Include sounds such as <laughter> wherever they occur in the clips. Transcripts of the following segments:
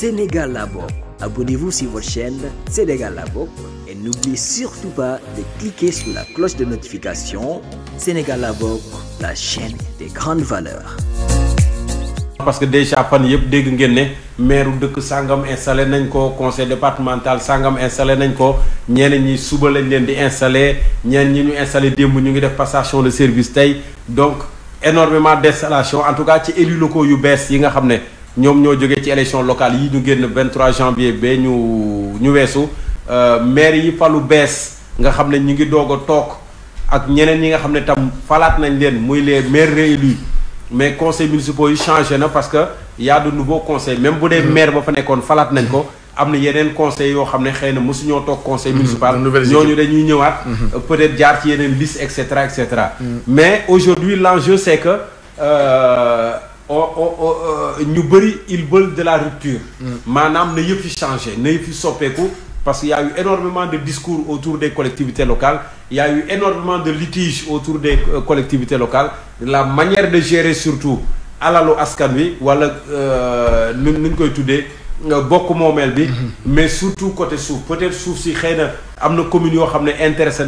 Sénégal la Abonnez-vous sur votre chaîne Sénégal la et n'oubliez surtout pas de cliquer sur la cloche de notification Sénégal la la chaîne des grandes valeurs. parce que déjà fan yëpp dégg ngeen le maire de sangam installé nañ conseil départemental sangam installé nañ ko ñeneen ñi suba lañ leen di installer ñeneen ñi ñu installé démb ñu ngi def passation de service tay donc énormément d'installation en tout cas ci élus locaux yu bees yi nga xamné ñom ñoo joggé ci élection locale yi ñu génn 23 janvier ba ñu ñu euh maire yi falu bees nga xamné ñi ngi à tok ak ñeneen yi nga xamné tam falaat nañ leen muy les maires réélus mais conseil municipal yi changé na parce que y a de nouveaux conseils même bu dé mm-hmm. maire ba fa nékkon falaat nañ ko amna yeneen conseil yo xamné ne xëy ñoo tok conseil mm-hmm. municipal ñooñu dañuy ñëwaat mm-hmm. peut-être jaar ci yeneen liste etc etc mais aujourd'hui l'enjeu c'est que euh, nous euh, avons ils veulent de la rupture. Mm. maanaam na pas changé na yëpp parce qu'il y a eu énormément de discours autour des collectivités locales il y a eu énormément de litiges autour des euh, collectivités locales la manière de gérer surtout à askan wi wala euh, nu ñu koy tuddee bokk moomeel mm-hmm. mais surtout côté souf peut-être que si xëy na am na communes intéressé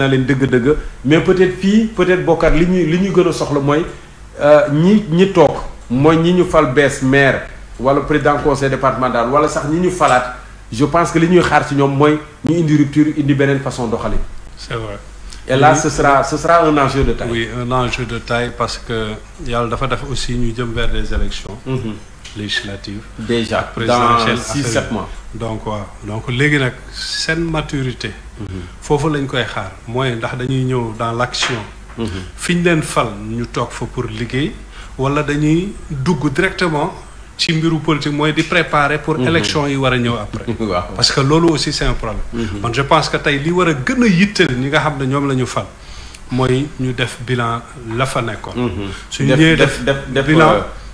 mais peut-être puis peut-être beaucoup à ñuy li ñuy gën ni soxla mooy ñi ñu fal bees maire wala président conseil départemental wala sax ni nous falaat je pense que les ñuy xaar ci ni une ñu rupture indi beneen façon doxalin. c'est vrai. et là ce sera ce sera un enjeu de taille. oui un enjeu de taille parce que yàlla dafa def aussi ñu jëm vers des élections mhm. législatives. déjà présidentielles dans six sept mois. donc waaw donc léegi nag seen maturité. Mhm. faut lañ koy xaar mooy ndax dañuy ñëw dans l'action. Mhm. fi ñu leen fal ñu toog fa pour liggéey wala dañuy dugg directement ci mbiru politique mooy di préparer pour mhm. élection yi war a ñëw après <laughs> parce que loolu aussi c'est un problème man mhm. je pense que tey li war a gën a yittali ñi nga xam ne ñoom la ñu fal mooy ñu def bilan la fa nekkoon mhm. suñu ñëwee def bilan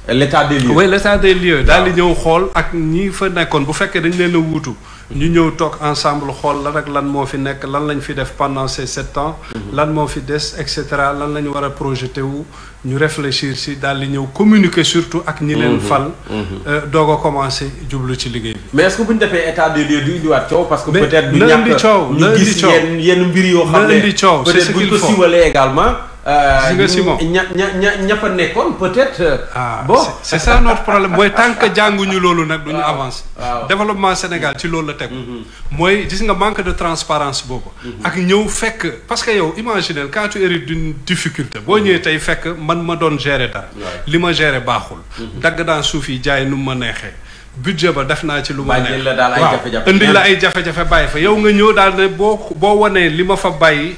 euh, l'état des lieux oui l'état des lieux daal di ñëw xool ak ñi fa nekkoon bu fekkee dañ leen a wuutu ñu ñëw toog ensemble xool la rek lan moo fi nekk lan lañ fi def pendant ces sept ans. Mhm. lan moo fi des et cetera lan lañ ñu war a projeté wu ñu réfléchir si daal di ñëw communiquer surtout ak ñi leen mhm. fal. Mhm. Euh, doog a commencé jublu ci liggéey bi. mais est-ce que buñ ñu defee état des lieux du indiwaat coow parce que peut-être du ñàkk ñu gis yenn yenn mbir yoo xam ne peut-être bu ko siiwalee également. Euh, si nga Simon ña ña ña ña fa nekkoon peut-être. Euh, ah bon c'est ça notre problème mooy tant que jànguñu loolu nag. duñu avancer. développement Sénégal ci loolu la tegu. Mm-hmm. mooy gis nga manque de transparence boobu. Mm-hmm. ak ñëw fekk parce que yow imaginez quand tu hérites d'une difficulté boo mm-hmm. ñëwee tey fekk man ma doon gérer dara. li ma gérer baaxul. dagg daan suuf yi jaay nu mu ma neexee. budget ba def naa ci lu ma ne waaw indi la ay jafe-jafe bàyyi fa yow nga ñëw daal ne boo boo wanee li ma fa bàyyi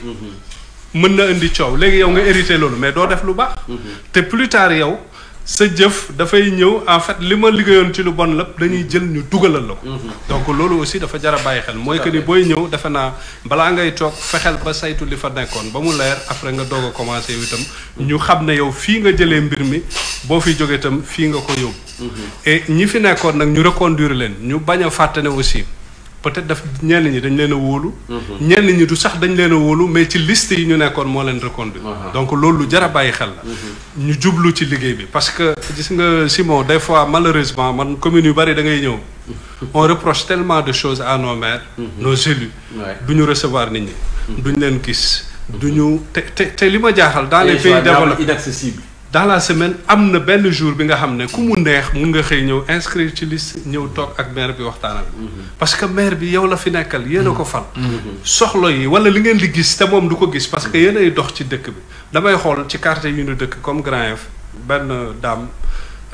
mën na indi coow léegi yow nga hérité loolu mais doo def lu baax. Mhm. te plus tard yow sa jëf dafay ñëw en fait li ma liggéeyoon ci lu bon la dañuy jël ñu dugalal la ko. Mhm. donc loolu aussi dafa jar a bàyyi xel mooy que ni booy ñëw defe naa balaa ngay toog fexeel ba saytu li fa nekkoon ba mu leer après nga doog a commencé itam ñu xam ne yow fii nga jëlee mbir mi boo fi jógee itam fii nga ko yóbbu. Mhm. et ñi fi nekkoon nag ñu reconduire leen ñu bañ a fàtte aussi. peut-être daf ñenn ñi dañ leen a wóolu. Mhm. ñenn ñi du sax dañ leen a wóolu mais ci liste yi ñu nekkoon moo leen reconduire. donc loolu lu jar a bàyyi xel la. Mhm. ñu jublu ci liggéey bi parce que gis nga Simon des fois malheureusement man commune yu bari da ngay ñëw. Mhm. on reproche tellement de choses à nos maires. nos élus. du ñu recevoir nit ñi. duñ leen gis. duñu te te te li ma jaaxal. dans les pays développés inaccessible dans la semaine am na benn jour bi nga xam ne ku mu neex mun nga xëy ñëw inscrire ci liste ñëw toog ak maire bi waxtaan ak mhm. parce que maire bi yow la fi nekkal yéen a ko mhm. fal mhm. soxla yi wala li ngeen di gis te moom du ko gis parce que yéen dox ci dëkk bi damay xool ci quartier yu nu dëkk comme Grand Yoff benn dame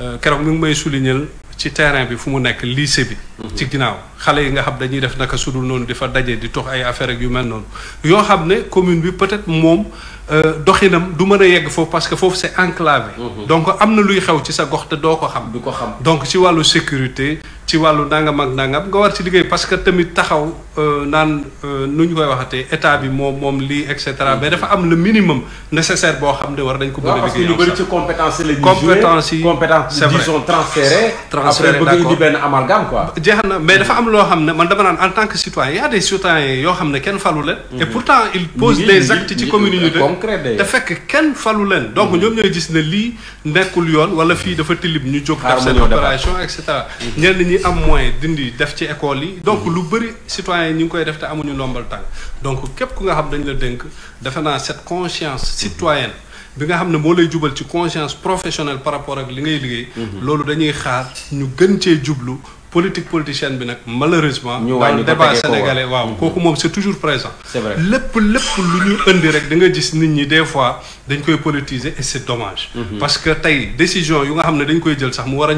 euh, keroog mi ngi may souligner ci terrain bi fu mu nekk lycée bi ci ginnaaw xale yi nga xam dañuy def naka sudul noonu di fa daje di tox ay affaire ak yu mel noonu yoo xam ne commune bi peut-être moom euh, doxinam du mën a yegg foofu parce que foofu c'est enclavé mhm. donc am na luy xew ci sa gox te doo ko xam du ko xam donc ci wàllu sécurité ci wàllu nangam ak nangam nga war ci liggéey parce que tamit taxaw euh, naan euh, nu ñu koy waxatee état bi moom moom lii et cetera mais dafa am le minimum nécessaire boo xam ne war dañ ko mën a liggéey parce que ñu bëri ci compétences la ñuy compétence yi compétence disons transféré transféré après bëgg indi benn amalgame quoi jeex na mais mm. dafa am am loo xam man dama naan en tant que citoyen y a des citoyens yoo xam ne kenn falu leen. et mhm. pourtant ils posent des actes ci commune yi de te fekk kenn falu leen. donc ñoom ñooy gis ne lii nekkul yoon wala fii dafa tilib ñu jóg. def seen opération et cetera. ñenn ñi am moyen dindi def ci école yi. donc lu bëri citoyens yi ñu ngi koy def te amuñu ndombal tànk donc képp ku nga xam dañ la dénk defe naa cette conscience citoyenne. bi nga xam ne moo lay jubal ci conscience professionnelle par rapport ak li ngay liggéey. Mhm. loolu dañuy xaar ñu gën jublu politique politicienne bi nag malheureusement. ñu dans le débat sénégalais waaw kooku moom c' est toujours présent. c' est lépp lépp lu ñu indi rek da nga gis nit ñi des fois dañ koy politiser et c' est dommage. Mhm. parce que tey décision yu nga xam ne dañ koy jël sax mu war a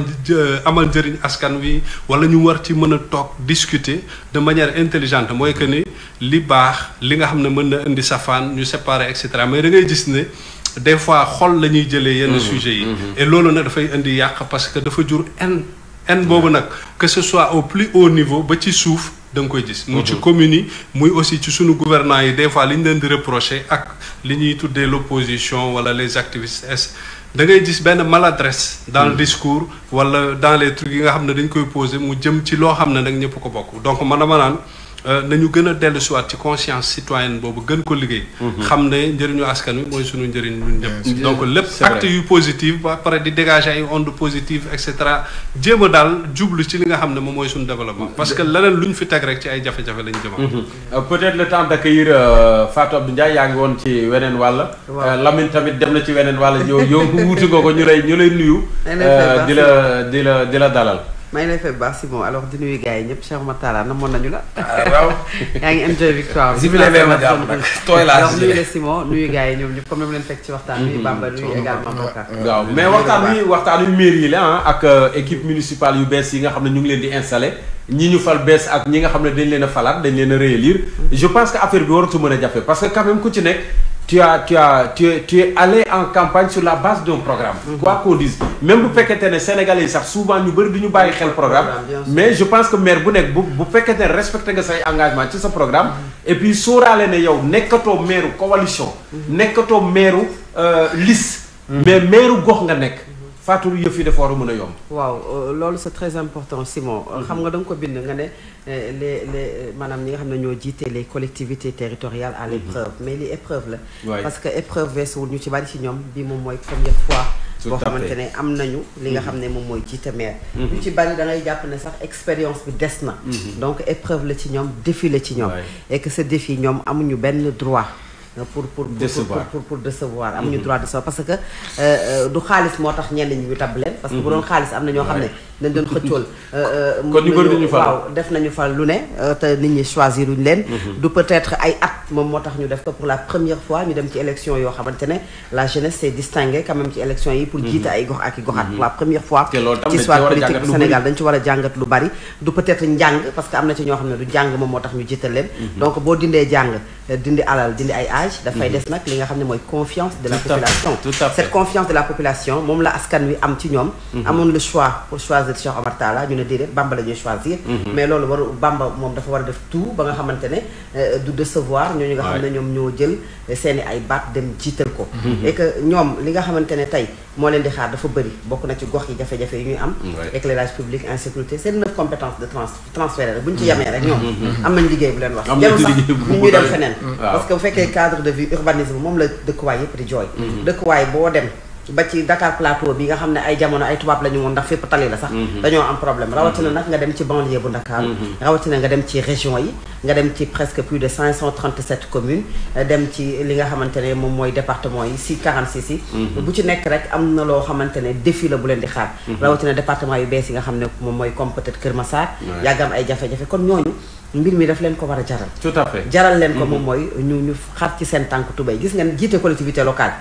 amal njëriñ askan wi wala ñu war ci mën a toog discuter de manière intelligente mooy que ni li baax li nga xam ne mën na indi safaan ñu séparer et cetera mais da ngay gis ne. des fois xol la ñuy jëlee yenn mhm. sujet yi mhm. et loolu nag dafay indi yàq parce que dafa jur en haine bobu nak que ce soit au plus haut niveau ba ci suuf da nga koy gis. muy ci mhm. commune muy aussi ci sunu gouvernement yi des fois liñ ñu leen di reprocher ak li ñuy tuddee wala les activistes est da ngay gis benn maladresse. dans le mhm. discours wala dans les trucs yi nga xam ne dañ koy poser mu jëm ci loo xam ne nag ñëpp ko bokk donc man dama naan. Euh, nañu gën a dellu siwaat ci conscience citoyenne boobu gën ko liggéey. Mhm. xam ne njëriñu askan wi mooy suñu njëriñ ñun ñëpp. donc lépp acte yu positive ba pare di dégager ay ondes positives et cetera jéem a daal jublu ci li nga xam ne moom mooy suñu développement. parce que leneen luñ fi teg rek ci ay jafe-jafe lañ jëmaat. Mhm. Euh, peut-être le temps d'accueillir euh, Fatou Abdou Ndiaye yaa ngi woon ci weneen wàll. Lamine tamit dem na ci weneen wàll yow yow wuutu nga ko ñu lay ñu lay nuyu. di la di la di la dalal maa ngi lay fay baax si bon alors di nuyu gars yi ñëpp Cheikh Oumar Talla namoon nañu la. Ah, waaw <laughs> yaa ngi enjoy victoire. si biir ma jàpp nag <laughs> tooy laa si nuyu la Simon nuyu gars yi ñoom ñëpp comme ni mu leen fekk ci waxtaan bi. Mm-hmm. Bamba nuyu également Bokar. waaw mais waxtaan wi waxtaan yu mairie yi la ah ak euh, équipe municipale yu bees yi nga xam ne ñu ngi leen di installé. ñi ñu fal bees ak ñi nga xam ne dañ leen a falaat dañ leen a réélire. Mm-hmm. je pense que affaire bi waratu mën a jafe parce que quand même ku ci nekk tu, tu, tu, es, tu allé en campagne sur la base d'un programme. Mhm. Quoi qu'on dise. Même si vous êtes Sénégalais, ça, souvent nous avons pas le programme. Mais je pense que maire, vous faites respecter son engagement sur ce programme. Mhm. Et puis, si vous le maire coalition, vous mhm. êtes maire euh, liste, mais maire de nga fatou yëf yi dafa war a mën waaw euh, loolu c'est très important Simon. xam nga dang ko bind nga né euh, les les manam ñi nga xam ne ñoo jité les collectivités territoriales à l'épreuve mm-hmm. mais li épreuve la. parce que épreuve weesuwul ñu ci bari ci ñom bi moom mooy première fois. boo xamante ne am nañu li nga xam ne moom mooy jiite maire mm-hmm. ñu ci bari da ngay jàpp ne sax expérience bi des na mm-hmm. donc épreuve la ci ñoom défi la ci ñoom et que ce défi ñoom amuñu benn droit pour pour pour pour décevoir amuñu droit de décevoir parce que euh, du xaalis motax ñen ñi ñu tabb leen parce que bu doon xaalis am na ñoo xam ne dañ doon xëccool euh, euh, kon ñu bëri ñu faaw def nañu fal lu ne te nit ñi choisir ñu leen mhm. du peut-être ay at moom moo ñu def ko pour la première fois ñu dem ci élection yo xamantene la jeunesse s'est distinguée quand même ci élection yi pour mhm. jiite ay gox ak goxat mhm. pour la première fois ci histoire politique du Sénégal dañ ci wara jangat lu bari du peut-être njàng parce que am na ci ño xamné du jang moom moo ñu jité leen donc bo dindé jang dindi alal dindi ay da fay mhm. des nak li nga xam moy confiance de la population cette confiance de la population mom la askan wi am ci ñom mhm. amoon le choix pour choisir Cheikh Omar Talla ñu ne dire Bamba la ñuy choisir mhm. mais lolu war Bamba mom dafa war a def tout ba nga xamantene euh, du décevoir ñu nga xam ñom ñoo jël seen ay baat dem jiital ko et que ñom li nga xamantene tay mo len di xaar dafa bëri bokku na ci gox yi jafe jafé yi ñuy am éclairage public insécurité c'est neuf compétence de transférer buñ ci yamee rek ñom am nañ liggéey bu len wax jarul sax ñu dem feneen parce que bu fekkee cadre de vie urbanisme moom la dëkkuwaay yëpp di jooy mhm. dëkkuwaay boo dem ba ci Dakar Plateau bi nga xam ne ay jamono ay tubaab la ñu woon ndax fépp tali la sax mhm. dañoo am problème mhm. rawatina nag nga dem ci banlieue bu Dakar rawatina nga dem ci région yi nga dem ci presque plus de 537 communes eh, dem ci li nga xamante ne moom mooy département yi si 46 yi bu ci nekk rek am na loo xamante ne défi la bu leen di xaar rawatina département yu bees yi nga xam ne moom mooy comme peut-être Kër Massar yàgg am ay jafe-jafe kon ñooñu mbir mi daf leen ko war a jaral. tout à jaral leen ko moom mm-hmm. mooy ñu ñu xar ci seen tànk tubéy gis ni jiite collectivité locale.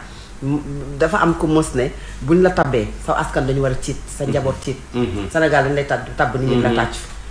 dafa am ku mos ne buñ la tabbee sa askan dañu war a tiit sa mm-hmm. njaboot tiit. Mm-hmm. senegal dañ lay tab tabb nit ñi la tàcc.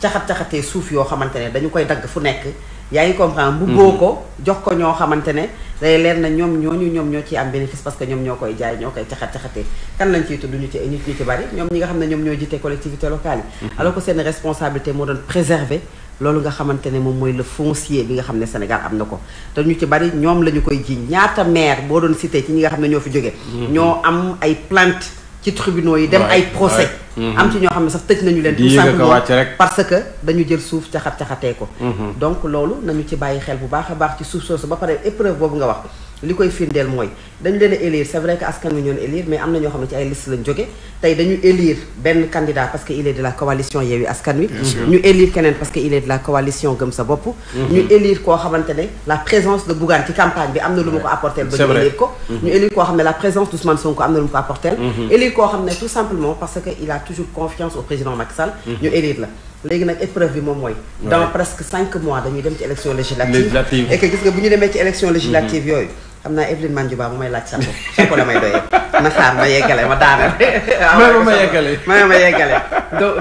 caxat-caxatee suuf yoo xamante ne dañu koy dagg fu nekk yaa ngi comprendre bu boo ko jox ko ñoo xamante ne day leer na ñoom ñooñu ñoom ñoo ciy am bénéfice parce que ñoom ñoo koy jaay ñoo koy caxat-caxatee kan lañ ciy tudd ñu ci ñu ci bari ñoom ñi nga xam ne ñoo jiite collectivité locale yi mm-hmm. seen responsabilité moo doon préserver loolu nga xamante ne moom mooy le foncier bi nga xam ne Sénégal am na ko te ñu ci bari ñoom la ñu koy ji ñaata maire boo doon cité ci ñi nga xam ne ñoo fi jóge mm-hmm. ñoo am ay plant ci tribunaux yi dem ay procès mhm. am ci ñoo xamne sax tëj nañu leen tout simplement parce que dañu jël suuf caxat-caxatee ko mhm. donc lolu nañu ci bàyyi xel bu baax baax ci souf soosu ba pare épreuve bobu nga wax li koy firndeel mooy dañu leen a élire c'est vrai que askan wi ñoon élire mais am na ñoo xam ne ci ay liste lañ jóge tey dañu élire benn candidat parce que il est de la coalition Yewwi Askan Wi ñu élire keneen parce que il est de la coalition Gëm Sa Bopp mhm. ñu élire koo xamante ne la présence de Bougane ci campagne bi am na lu mu ko apporteel ba ñu élire ko mhm. ñu élire koo xam ne la présence d'Ousmane Sonko am na lu mu ko apporteel mhm. élire koo xam ne tout simplement parce que il a toujours confiance au président Macky Sall ñu élire la léegi nag épreuve bi moom mooy dans presque cinq mois dañuy dem ci élection législative et que gis nga bu ñu demee ci élection législative yooyu xam naa Evelyne Mandiouba mu may laaj saako saako la may doyee na xaar ma yeggale ma daanal. <laughs> Ah, ma yeggale ma ma yeggale.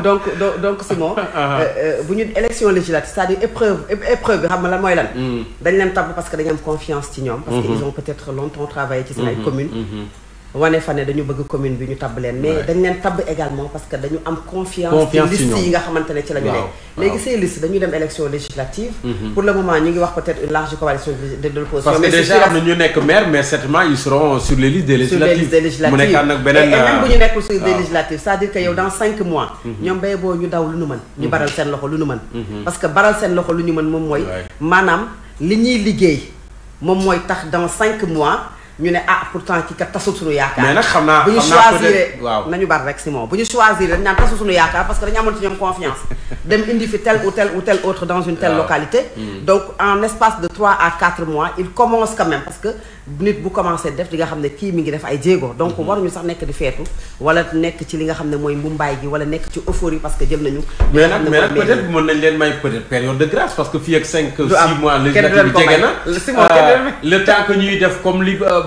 donc donc donc sinon, <laughs> ah, ah. euh, euh, bu ñu élection législative c'est-à-dire épreuve épreuve bi xam nga lan mooy lan. Mm. dañ leen tabb parce que dañu am confiance ci ñoom. parce que mm-hmm. ils ont peut-être longtemps travaillé ci seen ay mm-hmm. communes. Mm-hmm wane fa ne dañu bëgg commune bi ñu tabb leen. mais dañ leen tab également parce que dañu am confiance. confiance ci liste yi nga xamante ne ci lañu ñu légui ces listes dañuy dem élection législative. Mhm. pour le moment ñi ngi wax peut-être une large coalition de l'opposition. parce que déjà am na ñu nekk maire mais certainement ils seront sur les listes des législatives mu nekkaat nak benen et même bu ñu nekkul sur euh, des législatives c'est-à-dire que yow dans 5 mois. Mhm. ñom bay bo ñu daw lu ñu mën. ñu mhm. baral seen loxo lu ñu mën. parce que baral seen loxo lu ñu mën mom moy manam li ñuy liggéey mom moy tax dans 5 mois ñu ne ah pourtant ki ka tasul suñu yaakaar. mais nak xamna naa bu ñu choisir waaw nañu bar rek Simon bu ñu choisir dañ naan tasul suñu yaakaar parce que dañ amoon ci ñom confiance. <laughs> dem indi fi tel ou tel ou tel autre dans une telle localité. Hmm. donc en espace de 3 à 4 mois il commence quand même parce que nit bu commencé def di nga xam ne mi ngi def ay djégo donc hmm. war ñu sax nek di fétu wala nek ci li nga xam moy mooy mbumbaay gi wala nek ci euphorie parce que jël nañu. mais nak mais nag peut être bu mën nañ leen may peut être période de grâce parce que fi ak 5. 6 mois législative bi euh, le temps que ñuy def comme li euh,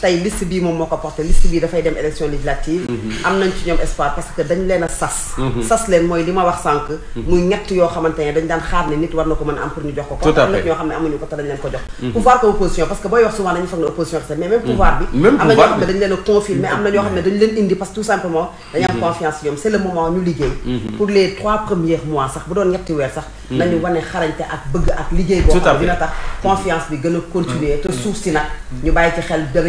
tay liste bi mom moko porter liste bi da fay dem élection législative mhm. am nañ ci ñom espoir parce que dañ leena sas mhm. sas leen moy lima wax sank mhm. muy ñett yo xamantene ne dañ daan xaar ni nit war na ko mën am pour ñu jox ko kon am na ñoo xam amuñu ko te dañ leen ko jox pouvoir ko opposition parce que boy wax souvent dañu fa ne opposition kese mais même pouvoir bi am na ñoo xam dañ leen confirmer am na ñoo xam dañ leen indi parce que tout simplement dañu am confiance ñom c'est le moment ñu liggéey pour les trois premiers mois sax bu doon ñetti wër sax nañu wane xarañté ak bëgg ak liggéey boo dina tax confiance bi gëna continuer te souci nak ñu bayyi ci xel dara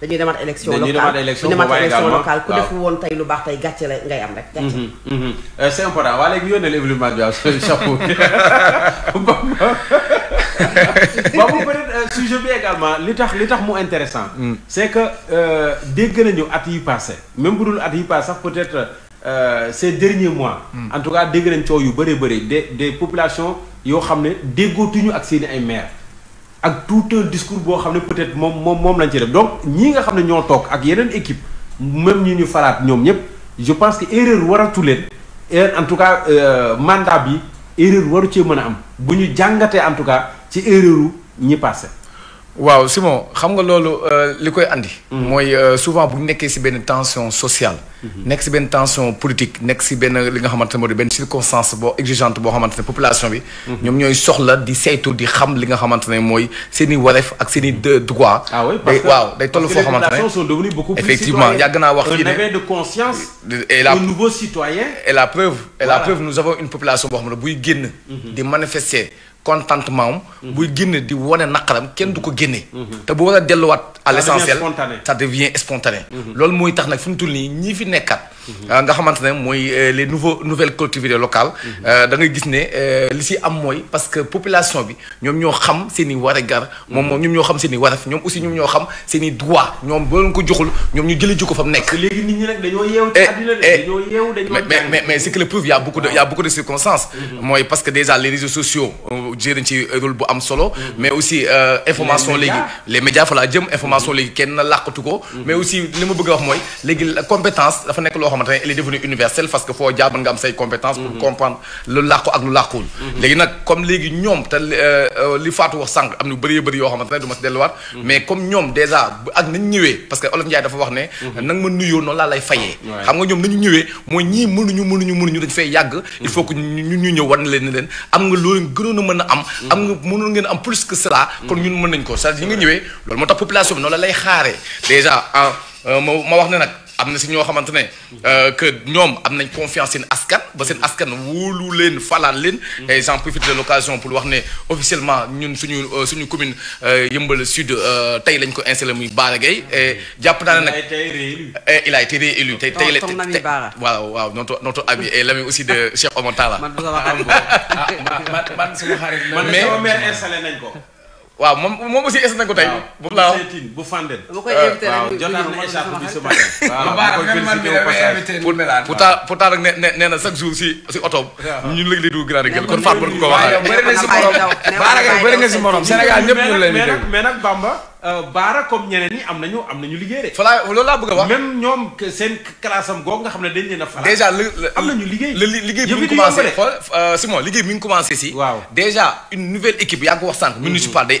dañuy demaat élection locale dañuy demaat élection locale ku def woon tey lu bax tay gàcce la ngay am rek. gàcce mhm, mhm. Euh, c'est important waa léegi yónnee la événement bi waaw <laughs> chapeau <laughs> boobu <laughs> peut-être euh, sujet bi également li tax li tax mu intéressant mm. c'est que euh, dégg nañu at yi passé même budul at yi passé sax peut-être euh, ces derniers mois mm. en tout cas dégg nañ yu bëree bëri des des populations yoo xam ne déggootuñu ak seeni ay maire ak tout un discours boo xam ne peut-être moom moom moom lañ ci def donc ñii nga xam ne ñoo toog ak yeneen équipe même ñu ñu falaat ñoom ñëpp je pense que erreur waratu leen en tout cas euh, mandat bi erreur waru cee mën a am bu ñu jàngatee en tout cas ci erreur ñi passé waaw Simon xam nga lolu euh, likoy andi. moy mm-hmm. euh, souvent bu nekkee ci ben tension sociale. Mm-hmm. nekk ci ben tension politique nekk ci ben li nga xamantene modi ben circonstance bo exigeante bo xamantene population bi. Mm-hmm. ñom ñoy soxla di saytu di xam li nga xamantene moy seni seen ak seni i droit. ah oui parce que waaw day toll foo xamante ne effectivement yàgg naa wax. ci né. un éveil de conscience. et la un nouveau citoyen. et la preuve et la preuve nous avons une population bo xam ne buy génn. di manifester contentement am. Mhm. buy génne di wane naqaram kenn du ko génne. Mhm. te bu war a delluwaat. à l' essentiel ça devient spontané. Mhm. loolu mooy tax nag fi mu toll nii ñi fi nekkaat. Euh, nga xamante ne mooy euh, les nouveaux nouvelles collectivités locales. Euh, da ngay gis ne li si am mooy parce que population bi ñoom ñoo xam seen i gar moom moom ñoom ñoo xam seen i waraf ñoom aussi ñoom ñoo xam seen i droit ñoom boo leen ko joxul ñoom ñu jëlee ji ko fa mu nekk. léegi nit ñi nag dañoo ci eh, àddina eh, dañoo dañoo mais mais mais c'est que le preuve y' a beaucoup de y' a beaucoup de circonstances. mooy parce que déjà les réseaux sociaux jëriñ ci rôle bu am solo. Mm-hmm. mais aussi euh, information légui les médias fa laa jëm information léegi kenn làqatu ko. Mm-hmm. mais aussi li ma bëgg wax mooy légui compétence dafa nekk loo xamante ne elle est devenue universelle parce que foo jaar nga am say compétence. pour mm-hmm. comprendre lu làqu ak lu laqul. léegi nag comme léegi ñoom te euh, li Fatou wax sànq am na bëri bëri yoo xamante ne du ma si delluwaat. mais comme ñoom dèjà ak nañ ñëwee parce que Olof Ndiaye dafa wax ne. nag ma nuyoo noonu laa lay fayee. xam nga ñoom nañu ñëwee mooy ñii mënuñu mënuñu mënuñu dañ fay yàgg. il faut que ñu ñu ñëw war leen leen am nga loolu gënoon a mën mënoon a am am nga ngeen am plus que cela kon ñun mën nañ ko sa à dire ñi nga ñëwee loolu moo tax population bi noonu la lay xaaree déjà ah, euh, ma ma wax ne nag amna ci si ñoo xamante ne que ñom am confiance seen askan ba seen askan wóolu leen falaan leen et j'en profite de l'occasion pour wax né officiellement ñun suñu suñu commune euh yëmbal sud euh tay lañ ko installer muy Bara et jàpp naa ne il a été réélu tay tey la waaw waaw notre notre ami et l'ami aussi de Cheikh Omar Tala man man sama xarit mais sama mère installé nañ ko waaw moom moom aussi est nañ ko tey. bu laaw bu Fandène. bu koy invité rek jotaan na écharpe bi ce matin. waaw <laughs> bu ko pourtant pourtant nag nee nee na chaque jour si si oto. ñun léegi lay dugg grand gueule kon Fatou mën ko waxaale. bëri na si <laughs> morom Baara bëri na si morom Sénégal ñëpp ñu leen di dégg mais nag Bamba. Baara comme ñeneen ñi am nañu am nañu liggéey de. voilà loolu laa bëgg a wax même ñoom seen classe am googu nga xam ne dañ leen a. faral déjà am nañu liggéey. liggéey bi mu commencé xool euh, Simon liggéey bi mu commencé si. waaw déjà une nouvelle équipe yaa ngi ko wax sànq mhm. municipal day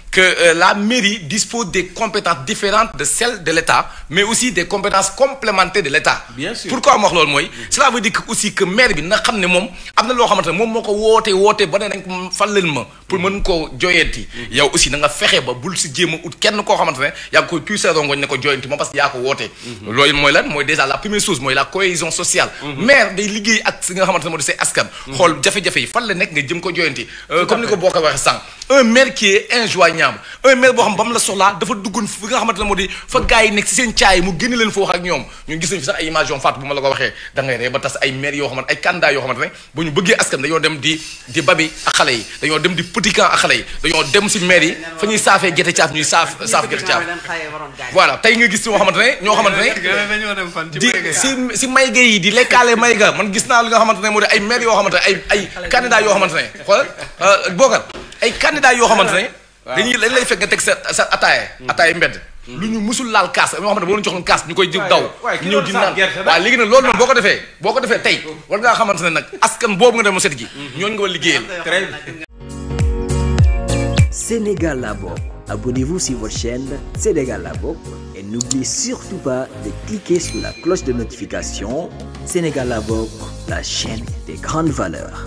que euh, la mairie dispose des compétences différentes de celles de l'État, mais aussi des compétences complémentaires de l'État. Bien sûr. Pourquoi moi? loolu mooy. cela veut dire que aussi que maire bi na xamné ne amna lo na mom moko woté woté moo ko wootee ba ne ko ma. pour mën ko joyenti, yow aussi na nga fexé ba bul si jéem a kenn ko xamante ya ko tu koy rongoñ ko joyenti, moom parce que ya ko woté. Mhm. Loy moy lan moy déjà la première chose moy la cohésion sociale. Mhm. maire day liggéey ak si nga xamante ne moo di askan. Mhm. Xol jafé jafé fan la nga jëm ko joyenti. Euh, comme niko boka boo sang, un maire qui est injoignable ñaam maire boo xam ba la soxlaa dafa duggoon fi nga xamante moo di fa gars yi nekk si seen caay mu génne foo wax ak ñoom ñun gis nañ fi sax ay image yoo xamante ay ay maire yoo xamante dañuy dañ lay fekk nga teg sa sa ataaye hmm. ataaye mbedd hmm. lu ñu musul laal kaas yoo xam ne boo leen joxoon kaas ñu koy jëw daw ñëw di naan waaw léegi nag loolu noonu boo ko defee boo ko defee tey war ngaa xamante ne nag askan boobu nga dem set gi hmm. ñooñu nga war liggéeyal Sénégal la bokk abonnez-vous sur votre chaîne Sénégal la bokk et n'oubliez surtout pas de cliquer sur la cloche de notification Sénégal la bokk la chaîne des grandes valeurs